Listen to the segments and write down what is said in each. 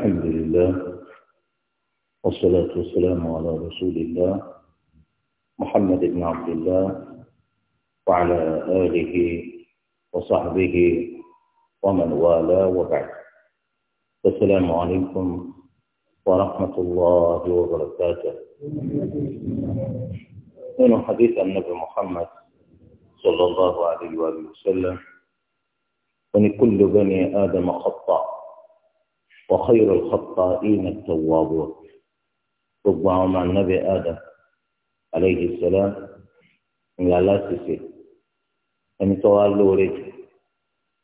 الحمد لله والصلاة والسلام على رسول الله محمد بن عبد الله وعلى آله وصحبه ومن والاه وبعد السلام عليكم ورحمة الله وبركاته من حديث النبي محمد صلى الله عليه وآله وسلم أن كل بني آدم خطأ وخير الخطائين التوابون gbogbo مع النبي آدم عليه السلام ní aláṣìṣe ẹni tó wá lóore jù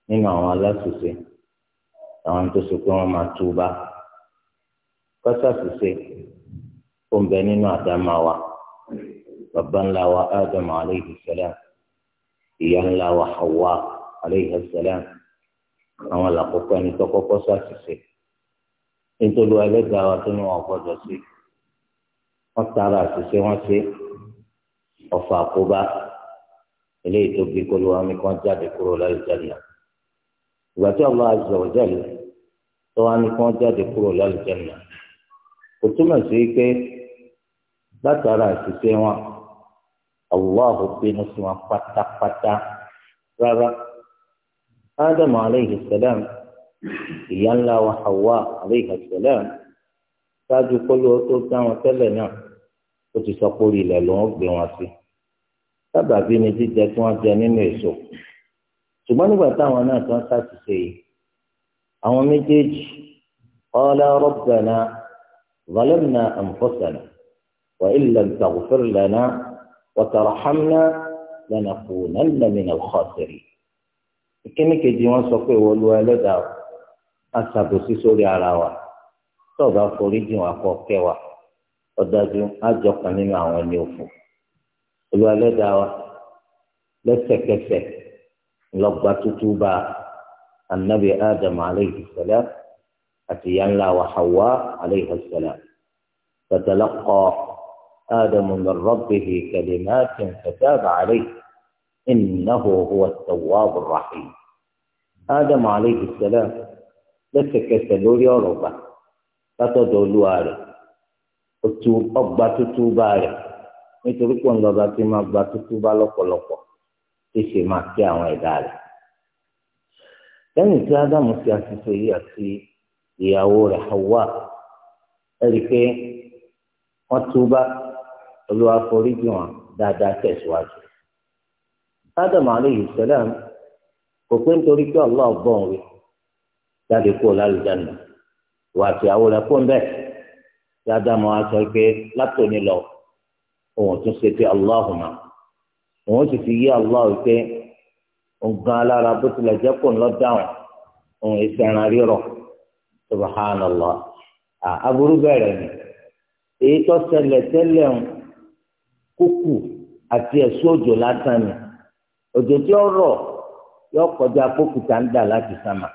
nínú àwọn aláṣìṣe àwọn tó sọ pé wọn máa túbà kọsàṣìṣe ó ń bẹ nínú àdámà wa bàbá ńlá wa ádámù aleyhi sẹlẹm ìyá ńlá wa hawa aleyhi sẹlẹm àwọn làkọ́kọ́ ẹni tó kọ́kọ́ ṣàṣìṣe nítorí ẹlẹ́gàá wa tó ní wọn gbọdọ̀ sí wọn tara àṣìṣe wọn ṣe ọ̀fà àkóbá eléyìí tó bí kó ló wá mi kàn jáde kúrò láyé jẹ́nà ìgbà tí Allah azza wa jalla tó wá mi kàn jáde kúrò láyé jẹ́nà kò túmọ̀ sí pé látara àṣìṣe wọn Allah bínú sí wọn pátápátá rárá Ádámù alayhi salam ìyá ńlá wa Hawa alayha salam ṣáájú kọ́lọ́ tó dá wọn tẹ́lẹ̀ náà ó ti sọ pé orí ilẹ̀ ló ń gbé wọn sí sábàbí ni jíjẹ tí wọ́n jẹ nínú èso ṣùgbọ́n nígbà táwọn náà tán ṣàtúnṣe yìí àwọn méjèèjì qala rabbana zalamna anfusana wa illam taghfir lana wa tarhamna lanakunanna minal khasirin ìkíní kejì wọn sọ pé ìwọ lu ẹlẹ́dàá àṣàbòsí sórí ara wa tọ́ọ̀bá forí jìn wá kọ́ kẹ́ wa ọ̀dájú àjọkàn nínú àwọn ẹni òfò olúwa lẹ́dàá wa lẹ́sẹ̀kẹsẹ̀ lọ́gbà tútù bá anabi adam aleyhi sẹlẹ̀ àti yanla wa hawa aleyhi sẹlẹ̀ tatalaqqa adamu min rabbihi kalimatin fataba aleyhi innahu huwa at-tawwabur adam aleyhi sẹlẹ̀. lẹ́sẹ̀kẹsẹ̀ lórí ọ̀rọ̀ gbà látọ̀dọ̀ olúwa rẹ̀ ọgbà tuntun bá rẹ̀ nítorí pé ńlọba tí máa gba tuntun bá lọ́pọ̀lọpọ̀ tí ṣe máa kí àwọn lẹ́yìn tí ádámù ṣe àṣìṣe yìí àti ìyàwó rẹ̀ Hawa ẹ̀rí pé wọ́n túbá olúwa foríjì wọn dáadáa tẹ̀síwájú. ádámù alayhi kò pé nítorí jáde kúrò lálùjáde wà sí àwọn rẹ fún bẹ́ẹ̀ tí ádámù á sọ pé látòní lọ òun tún ṣe pé aláhùnmá òun sì fi yé aláhùn pé nǹkan alára bó tilẹ̀ jẹ́ kó ń lọ dáhùn òun èsì ẹran rírọ̀ subhanallah aburú bẹ̀rẹ̀ ni èyí tó ṣẹlẹ̀ tẹ́lẹ̀ ń kúkú àti ẹ̀sùn òjò lásán ni òjò tí ó rọ̀ yóò kọjá kókùtà ń dà láti sàmà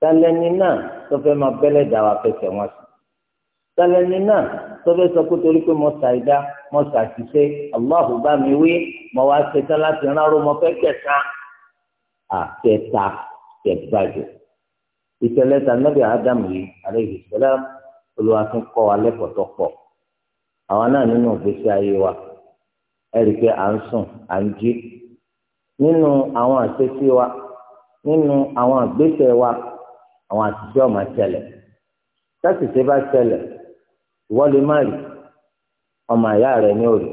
tálẹ́ni náà tó fẹ́ máa bẹ́lẹ̀ dà wá fẹsẹ̀ wọn sí tálẹ́ni náà tó fẹ́ sọ pé torí pé mo ṣàìdá mo ṣàṣìṣe aláhùn bá mi wí mo wá ṣetán láti rárá mo fẹ́ kẹta àtẹ̀ta tẹ̀gbàjọ. ìṣẹ̀lẹ̀ tànàbí ádámù yìí alayhi salam olúwa tún kọ́ wa lẹ́kọ̀ọ́ pọ̀ àwọn náà nínú ìgbésí ayé wa ẹ̀rí pé à ń sùn à ń jí nínú àwọn àṣẹ́sí wa nínú àwọn àgbésẹ̀ wa àwọn àṣìṣe ọmọ ṣẹlẹ̀ táṣìṣe bá ṣẹlẹ̀ ìwọ lè má rí ọmọ àyá rẹ ní òrì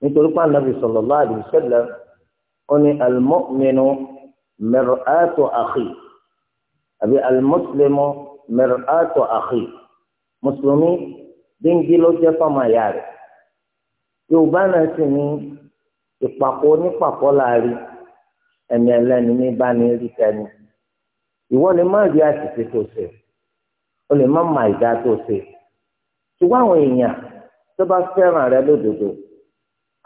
nítorí pé ànábì sallallahu alaihi wasallam ó ní al-mu'minu mir'atu akhi àbí al-muslimu mir'atu akhi mùsùlùmí díngí ló jẹ́ fọmọ àyá rẹ yorùbá náà sì ní ìpàkọ́ onípàkọ́ láàrin ẹ̀mí ẹlẹ́ni ní bá ní rí tẹni ìwọ lè má rí àṣìṣe tó ṣe o lè má mà ìdá tó ṣe ṣùgbọ́n àwọn èèyàn tó bá fẹ́ràn rẹ lódodo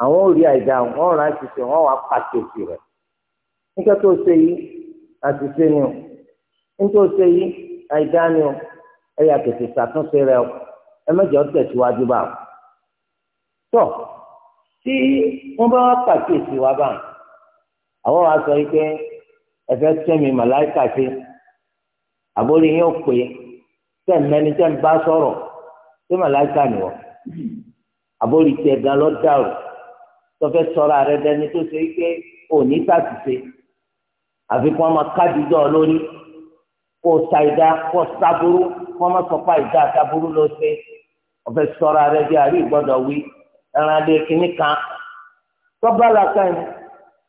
àwọn ò rí àìdá wọn rà àṣìṣe wọn wà pàṣẹsì rẹ nígbà tó ṣe yìí àṣìṣe ni o nígbà tó ṣe yìí àìdá ni o ẹ yà tètè ṣàtúnṣe rẹ o ẹ mẹjọ tẹ̀síwájú bá o tọ tí wọn bá wá pàṣẹsì wa bá àwọn wa sọ yìí pé ẹ fẹ́ tẹmí màláìkà sí i àbórí yín ò pé tẹ̀ mẹ́ni tẹ̀ ń bá sọ̀rọ̀ tí màláìka nìwọ̀ àbórí tiẹ̀ gan lọ dàrú tọ́fẹ́ sọ̀rọ̀ àrẹ dẹni tó ṣe pé òní sàtìṣe àfi kí wọ́n máa kájíjọ́ lórí kó sa ìdá kó sábúrú kí wọ́n máa sọpá ìdá sábúrú ló ṣe ọ̀fẹ́ sọ̀rọ̀ àrẹ bí àrí ìgbọ́dọ̀ wí ẹran adé kínní kan tọ́ba làkàn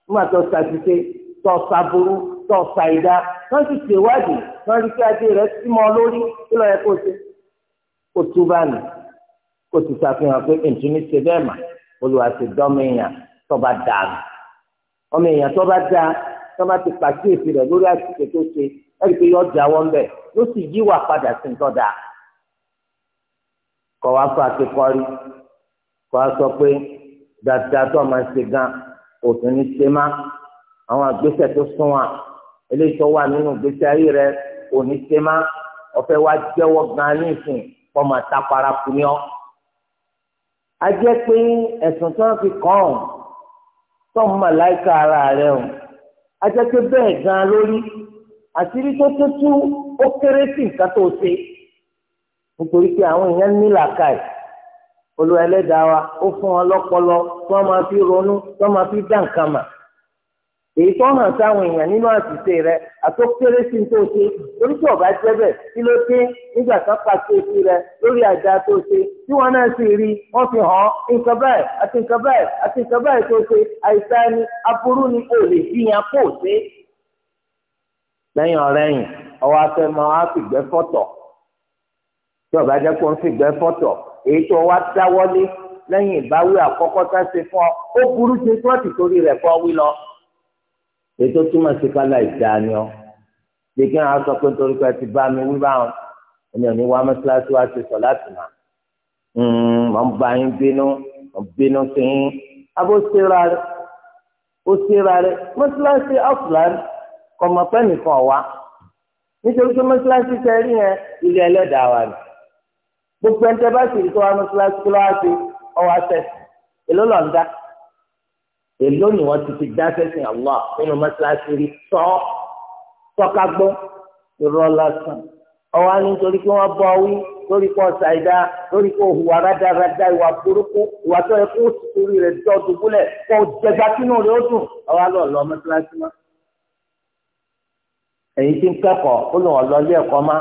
nígbà tó sàtìṣe tọ́ sábúrú tọ̀ ṣàìdá wọ́n sì ṣèwádìí wọ́n rí kí adé rẹ̀ sí mọ́ lórí kí lọ́ọ́ yẹ kó ṣe kó tú bá nì kó ti ṣàfihàn pé ntúni ṣe bẹ́ẹ̀ mà olùwà ti dọ́mìyàn tọ́ba dànù ọmọ èèyàn tọ́ba dá tọ́ba ti pàṣíyèsí rẹ̀ lórí àṣìṣe tó ṣe ẹ̀rí pé yọ jà wọ́n bẹ̀ ló sì yíwà padà sí nǹkan dáa kọ́ wa fún akẹ́kọ̀ọ́rí kọ́ wa sọ pé dáadáa tó máa ṣe gan òtún ní ṣe má àwọn àgbésẹ̀ tó sún wa eléyìí wà nínú gbèsè ayé rẹ òní ṣe má ọ̀fẹ́ wa jẹ́wọ́ gan ní ìsìn kọ́ máa ta paraku ní ọ́. a jẹ́ pé ẹ̀sùn tí wọ́n fi kàn ọ́n tó ń màláìka ara rẹ o a jẹ́ pé bẹ́ẹ̀ gan lórí àṣírí tó tó tú ó kéré sí nǹkan tó ṣe nítorí pé àwọn èèyàn ní làákàyè olùwẹ̀lẹ́dàá wa ó fún wọn lọ́pọlọ tí wọ́n máa fi ronú tí wọ́n máa fi dá nǹkan mà èyí tó hàn sáwọn èèyàn nínú àṣìṣe rẹ àtọkéré sí tó ṣe torí tí ọba jẹ bẹ́ẹ̀ kí ló dé nígbà kan pàṣẹ sí rẹ lórí àjà tó ṣe tí wọn náà sì rí wọn fi hàn nǹkan báyìí àti nǹkan báyìí àti nǹkan báyìí tó ṣe àìsàn ni aburú ni o lè jiyàn kó ṣe. lẹ́yìn ọ̀rẹ́ yìí ọwọ́ afẹ́ máa wá fìgbẹ́ fọ́tọ̀ tí ọba jẹ́ kó ń fìgbẹ́ fọ́tọ̀ èyí tó wá dáwọ́lé lẹ́yìn ìbáwí àkọ́kọ́ ètò túmọ̀ sí kálá ìdáni ọ bí kí wọn sọ pé nítorí pé ti bá mi wí báwọn ẹni ò ní wá mọ́sálásí wá ti sọ láti mà mọ̀ ń bá yín bínú mọ̀ bínú sí yín abó síra rẹ ó síra rẹ mọ́sálásí ọ̀fúlàn kọ̀mọ̀pẹ́ nìkan wá nítorí pé mọ́sálásí tẹ rí yẹn ilé ẹlẹ́dàá wa ni gbogbo ẹni tẹ bá sì rí tó wá mọ́sálásí kí ló wá sí ọwọ́ àṣẹ èló lọ́ọ̀dá èló ni wọ́n ti fi dá sẹ́sìn Allah nínú mọ́ṣáláṣí rí sọ́ tọ́ka gbọ́ irọ́ lásán ọwọ́ nítorí pé wọ́n bọ́ wí lórí pọ̀ ṣàìdá lórí pọ̀ hùwà rádaràda ìwà burúkú ìwà tó yẹ kó orí rẹ̀ dọ́ dùbúlẹ̀ kó jẹgba sínú rẹ̀ ó dùn ọwọ́ lọ lọ mọ́ṣáláṣí mọ́. èyí tí ń kẹ́kọ̀ọ́ ó lò wọ́n lọ ilé ẹ̀kọ́ má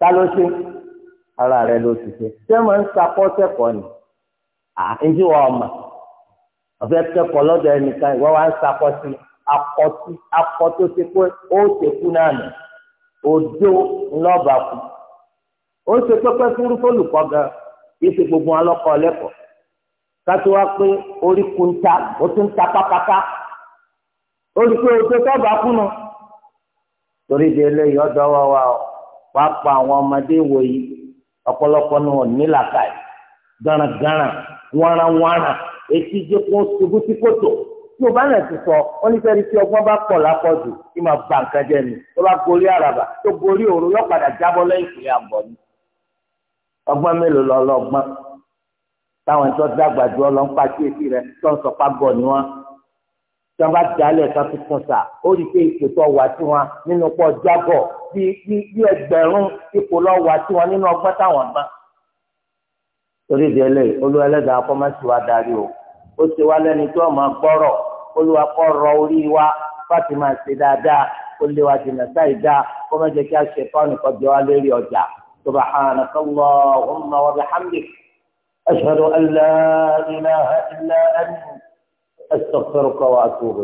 ta ló ṣe ara rẹ̀ ló ti ṣe ṣé mo ń sapọ́ sẹ́kọ̀ọ́ ni à ń jí wọ́n ọmọ ọ̀fẹ́ kẹ́kọ̀ọ́ lọ́dọ̀ ẹnìkan ìwọ wa ń sakọsí akọsí akọ tó ṣe pé ó ṣe kú náà nù òjò ńlọ́ọ̀bà kú ó ṣe pẹ́pẹ́ fúru fólùkọ́ gan kìí ṣe gbogbo wọn lọ́kọ́ lẹ́kọ̀ọ́ kátó wá pé orí kú ń ta ó tún ta pátápátá ó rí i kú nu torí di eléyìí ọ̀dọ́ wa wa wàá pa àwọn ọmọdé wòyí ọ̀pọ̀lọpọ̀ ni wọ́n ní làkàyè garagara warawara etí jẹ kó ṣubú sí kòtò tí o bá náà ti sọ wọn ní sẹ́ni tí ọgbọ́n bá pọ̀ lápọ̀jù kí máa ba nǹkan jẹ ni tó bá gorí àràbà tó gorí òru yóò padà jábọ́ lẹ́yìn ìpínlẹ̀ àbọ̀ ni. ọgbọ́n mélòó lọ lọ́gbọ́n táwọn tó dàgbà jù ọ lọ ń pàkíyèsí rẹ tó ń sọpá gọ̀ ni wọn. tí wọn bá dálẹ̀ ká fi kàn sà ó rí i pé ipò tó wà sí wọn nínú pọ̀ jábọ̀ bí ẹgbẹ̀rún ipò lọ wà sí wọn nínú ọgbọ́n táwọn gbọ́n torí ìdí ẹlẹ́yìí olúwa ẹlẹ́dàá akọ́mọ́sí wa darí o ó ṣe wá lẹ́ni tí wọ́n máa gbọ́rọ̀ olúwa kọ́ rọ orí wa fáti máa ṣe dáadáa ó lé wa jìnnà sáì dáa kó má jẹ́ kí a ṣe tọ́ nìkan jẹ́ wa lórí ọjà subhanaka Allahumma wa bihamdik ashhadu an la ilaha illa anta astaghfiruka wa atubu